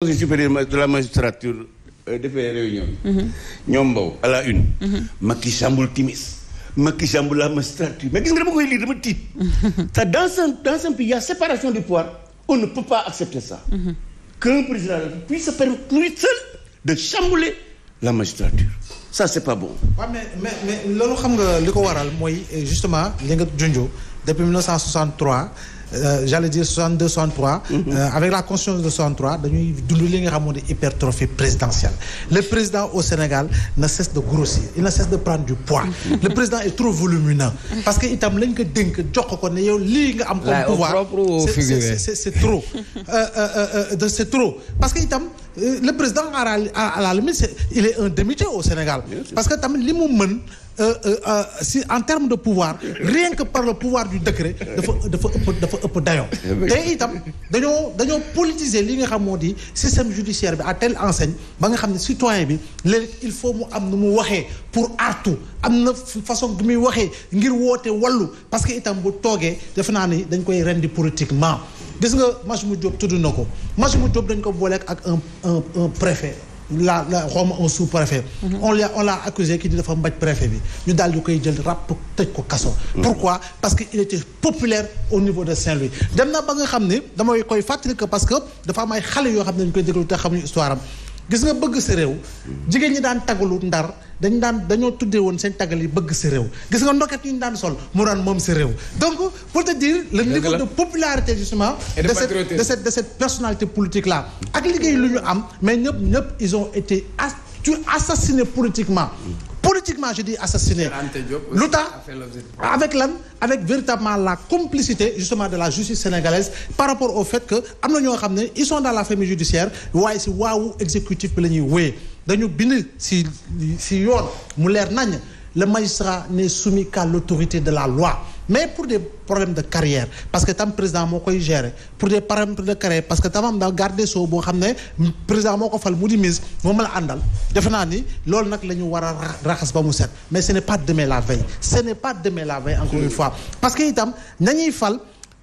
conseil supérieur de la magistrature euh, defee réunion bi mm-hmm. ñoom mbaw à la une mm-hmm. Macky Sambul timis Macky Sambul la magistrature mais gis nga dama koy lire dama tiit mm-hmm. te dans un pays y a séparation du pouvoir on ne peut pas accepter ça qu'un président la magistrature ça c'est pas bon waaw mais mais mais loolu xam nga li ko waral mooy justement li nga junjoo depuis Euh, j'allais dire 62 63. Mhm. Euh, avec la conscience de 63 dañuy dund li nga xam moo di hypertrophie présidentielle le président au Sénégal ne cesse de grossir il ne cesse de prendre du poids mhm. le président est trop volumineux mhm. parce que itam lañ ko dénk jox ko ne yow lii nga am comme pouvoir c'est trop parce que itam euh, le président à la limite il est un demi au Sénégal parce que tamit li mu mën Euh, euh, euh, si en terme de pouvoir rien que par le pouvoir du décret dafa dafa ëpp dafa ëpp dayoo te itam dañoo dañoo politiser li nga xam moo di système judiciaire bi ak telle enseigne ba nga xam ne citoyen bi léeg il faut mu am nu mu waxee pour artu am na façon bu muy waxee ngir woote wallu parce que itam bu toogee defe naa ni dañ koy rendi politiquement gis nga mu Diop tudd na ko Majhemout Diop dañ ko booleek ak un un un préfet la la xawma un sous préfet mhm. on l'a on l'a accusé ki di dafa mbaj préfet bi ñu daal di koy jël ràpp tëj ko kaso mhm. pourquoi parce que il était populaire au niveau de Saint-Louis dem na ba nga xam ne damay koy fàttali que parce que dafa am ay xale yoo xam ne dañu koy déglu te xamuñu histoire am gis nga bëgg sa réew jigéen ñi daan tagalu ndar dañ daan dañoo tuddee woon seen taggal yi bëgg sa réew gis nga ndoket yi ñu daan sol moo daan moom sa réew donc pour te dire le niveau de popularité justement de cette de cette de cette personnalité politique là ak liggéey lu ñu am mais ñëpp ñëpp ils ont été tu assassiné politiquement politiquement je dis assassiné lu tax avec lan avec véritablement la complicité justement de la justice sénégalaise par rapport au fait que am na ñoo xam ne ils sont dans la famille judiciaire waaye si waawu exécutif bi la ñuy wéyee dañu bind si si yoon mu leer nañ la magistrat n'est soumis qu'à l'autorité de la loi mais pour des problèmes de carrière parce que tam président moo koy gérer pour des paramètres de carrière parce que tam daa garde soo boo xam ne président moo ko fal mu di mise moom la àndal defe naa ni loolu nag la ñu war a raxas ba mu set mais ce n'est pas demain la veille ce n'est pas demain la veille encore une fois parce que itam nañuy fal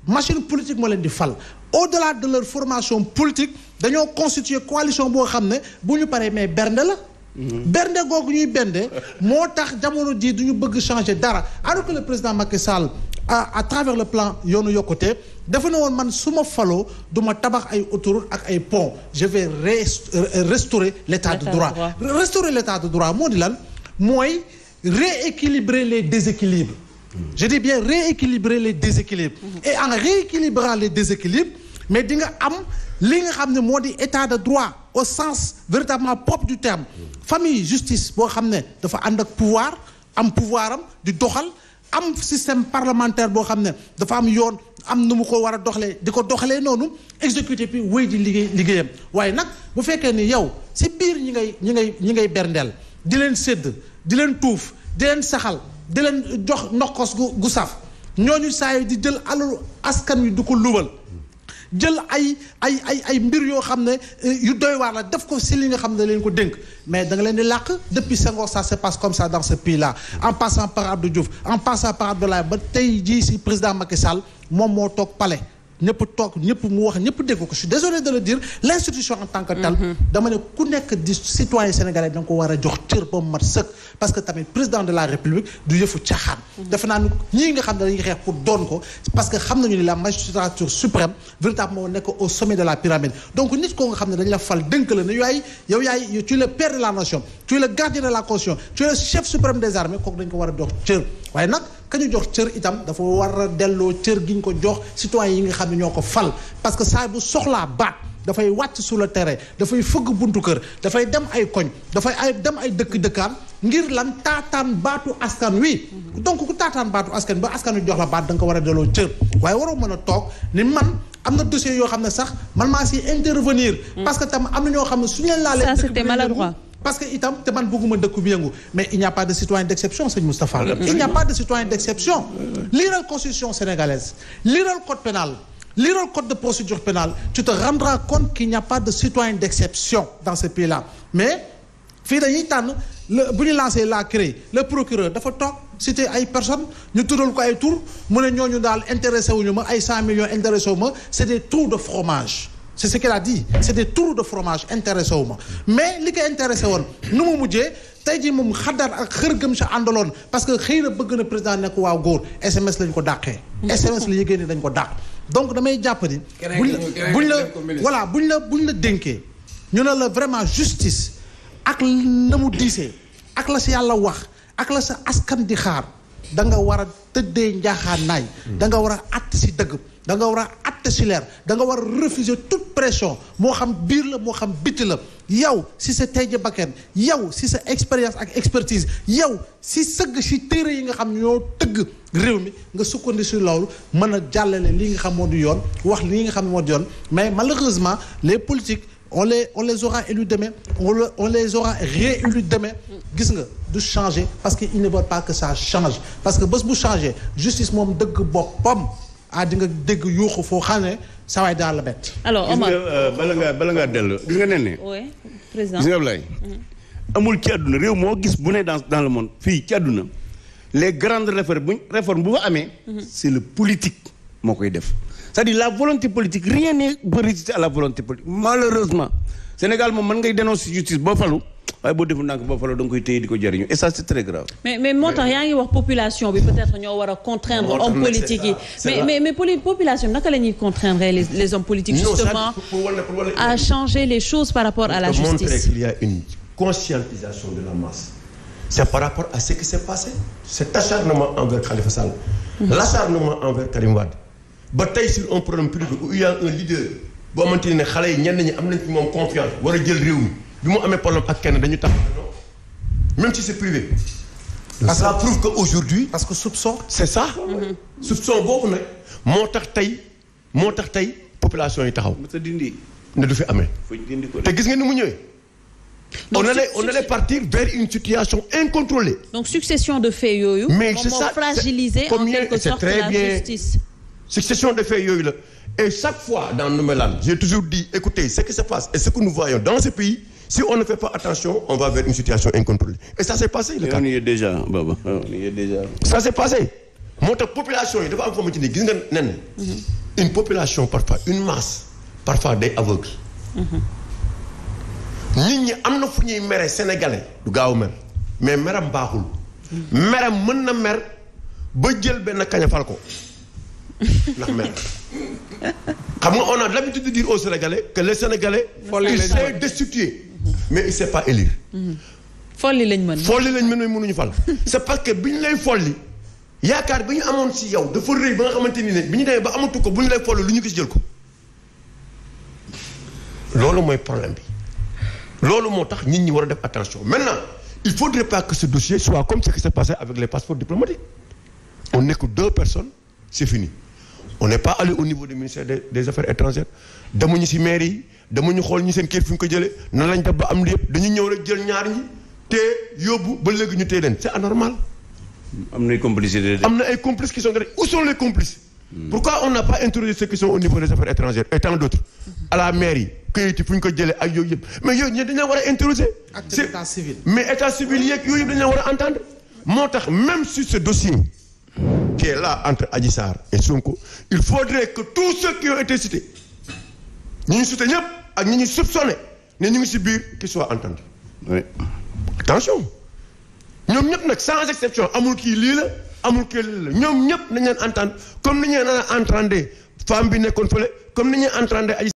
machine politique moo leen di fal au-delà de leur formation politique dañoo constituer coalition boo xam ne bu ñu paree mais bernde la Mhm. bernde googu ñuy bernde moo tax jamono jii duñu bëgg changer dara alors le président Macky Sall à travers le plan yoonu yokkute dafa ne woon man su ma faloo du ma tabax ay autoroute ak ay pont je vais euh, restaurer l'état de droit restaurer l'état de droit moo di lan mooy rééquilibrer les déséquilibres mhm. je dis bien rééquilibrer les déséquilibres mhm. et en rééquilibrant les déséquilibres mais di nga am li nga xam ne moo di état de droit au sens véritablement propre du terme famille justice boo xam ne dafa ànd ak pouvoir am pouvoir am di doxal am système parlementaire boo xam ne dafa am yoon am nu mu ko war a doxalee di ko doxalee noonu exécutif bi wéy di liggéey liggéeyam waaye nag bu fekkee ni yow si biir ñi ngay ñi ngay ñi ngay berndeel di leen sedd di leen tuuf di leen saxal di leen jox ndoxos gu gu saf ñooñu saa yi di jël alalu askan wi du ko lubal jël ay ay ay ay mbir yoo xam ne euh, yu doy waar la def ko si li nga xam ne leen ko dénk mais danga leen di làq depuis Senghor ça se passe comme ça dans ce pays là en passant par Abdou Diouf en passant par Abdoulaye ba tey jii si président Macky Sall moom moo toog palais ñëpp toog ñëpp mu wax ñëpp dégg ko je suis désolé de le dire l' en tant que telle. Mm-hmm. dama ne ku nekk di citoyen sénégalais da nga ko war a jox cër ba mu mat sëkk. parce que tamit président de la république du yëfu caaxaan. Mm-hmm. defe naa ni ñii nga xam ne dañuy xeex pour doon ko parce que xam nañu ni la magistrature suprême véritable moo nekk au sommet de la pyramide. donc nit koo nga xam ne dañ la fal dënk la ne yaay yow yaay tu es le père de la nation tu es le gardien la constitution tu war a jox cër ka ñu jox cër itam dafa war a delloo cër gi ñu ko jox citoyen yi nga xam ne ñoo ko fal parce que saa bu soxlaa baat dafay wàcc sur le terrain dafay fëgg buntu kër dafay dem ay koñ dafay ay dem ay dëkk-dëkkaan ngir lan taataan baatu askan wi donc ku taataan baatu askan ba askan wi jox la baat da nga ko war a delloo cër waaye waroo mën a toog ni man am na dossier yoo xam ne sax man maa si intervenir mm. parce que tam am na ñoo xam ne suñu leen laalee ça la maladroit parce que itam te man bëgguma dëkk bi yëngu mais il n'y a pas de citoyen d'exception sëñ Moustapha ah, il n'y a pas de citoyen d'exception liiral constitution sénégalaise liiral code pénal liiral code de procédure pénale tu te rendras compte qu'il n'y a pas de citoyen d'exception dans ce pays là mais fii dañuy tànn le bu ñu lancé la CREI le procureur dafa toog cité ay personnes ñu tuddal ko ay tour mu ne ñooñu daal intéressé wuñu ma ay cent millions intéressé wu ma c'est des de fromage c'est ce qu'elle a dit c'est des de fromage intéressé wu ma mais li ko intéressé woon nu mu mujjee tey ji moom xaddaat ak xër gëm sa àndaloon parce que xëy na bëgg na président nekk waaw góor SMS lañ ko dàqee. SMS la yëgee ni dañ ko dàq. donc damay jàpp ni. buñ la buñ la voilà buñ la buñ la dénkee ñu ne la vraiment justice ak na mu diisee ak la si yàlla wax ak la sa askan di xaar da nga war a tëddee njaaxaan naay. da nga war a att si dëgg da nga acte scolaire da war a refuser toute pression moo xam biir la moo xam bitti la yow si sa tey bakkan yow si sa expérience ak expertise yow si sëgg si téere yi nga xam ñoo tëgg réew mi nga sukkandi si loolu mën a jàllale li nga xam moo di yoon wax li nga xam moo di yoon mais malheureusement les politiques on les on les aura élus demain on les on les aura réélus gis nga du changer parce que ils ne veulent pas que ça change parce que bés bu changer justice moom dëgg boppam. ah di dégg yuuxu foo xam ne saa waay daal la bett. alors Omar euh, bala nga bala ngaa dellu gis nga nen ne. oui président nga Ablaye mm-hmm. amul ci àdduna réew moo gis bu ne dans dans le monde fii ci àdduna les grandes réformes réformes bu fa amee. Mm-hmm. c'est le politique moo koy def. c'est-à-dire la volonté politique rien n'est résisté à la volonté politique malheureusement Sénégal moom mën ngay dénoncer justice boo falu. waaye boo deful ndànk ba fa la da nga di ko jëriñu et ça c'est très grave. mais mais moo tax yaa population peut-être ñoo war a contraindre hommes politiques yi mais mais mais population naka la ñuy contraindre les les hommes changer les choses par rapport à la justice. montrer qu'il y a une conscientisation c'est par envers Khalifa Sall mmh. l'acharnement envers Karim Wade ba tey sur un problème public où il leader boo xamante ne xale yi ñenn ñi am nañ ci moom confiance war a jël réew bi mu amee problème ak kenn dañu tax même si c'est privé. parce que ça prouve que aujourd'hui parce que soupçon. c'est ça. Mm-hmm. soupçon boobu nag moo tax tey moo tax tey population yi taxaw. ne du fi amee. te gis nga ni mu ñëwee. on allait on allait partir vers une situation incontrôlée. donc succession de faits yooyu. mais c'est ça fragiliser en quelque sorte la justice. succession de faits yooyu la et chaque fois dans Noumélan j'ai toujours dit écoutez ce qui se passe et ce que nous voyons Si on ne fait pas attention, on va vers une situation incontrôlée. Et ça s'est passé ah, moo tax population yi dafa am xamante ni gis nga nen. Mhm. une population parfois une masse parfois day aveugle. Mhm. nit ñi am na fu ñuy mere sénégalais du gaaw mer mais meram baaxul. Mhm. meram mën na mer ba jël benn kaña fal ko ndax mer. xam nga on a l'habitude de dire aux sénégalais que les sénégalais. ils sont destitués. mais il sait pas élire. folli lañ mën. folli lañ mën mais mënuñu fal. sa parce que bi ñu lay folli yaakaar bi ñu amoon si yow dafa rëy ba nga xamante ni ne bi ñu demee ba amatu ko bu ñu lay folli lu ñu gis jël ko. loolu mooy problème bi loolu moo tax nit ñi war a def attention maintenant il faudrait pas que ce dossier soit comme ce qui s'est passé avec les passeports diplomatiques on n'est deux personnes c'est fini. on n'est pas allé au niveau du ministère des des affaires étrangères demuñu ci maire yi demuñu xool ñu seen kër fi ñu ko jëlee nan lañ def ba am li yëpp dañu ñëw rek jël ñaar ñi te yóbbu ba léegi ñu téye leen c'est anormal. am na ay complices am na ay complices qui sont derrière où sont les hmm. pourquoi on n'a pas introduit ceux qui au niveau des affaires étrangères et tant d'autres à yi këyit fu ñu ko jëlee ak yooyu yëpp mais yooyu ñun dañu la war a interroger. ak mais état civil yeeg yooyu moo tax même sur ce était là entre Adji Sarr et Sonko il faudrait que tous ceux qui ont été cités ñi ñu cité ñëpp ak ñu ñu soupçonné ne ñu ngi si biir qui soit entendu oui attention ñoom ñëpp nag sans exception amul kii lii la amul kii lii la ñoom ñëpp nañ leen entendre comme ni ñu leen entendre bi nekkoon fële comme ni ñu entendre Adji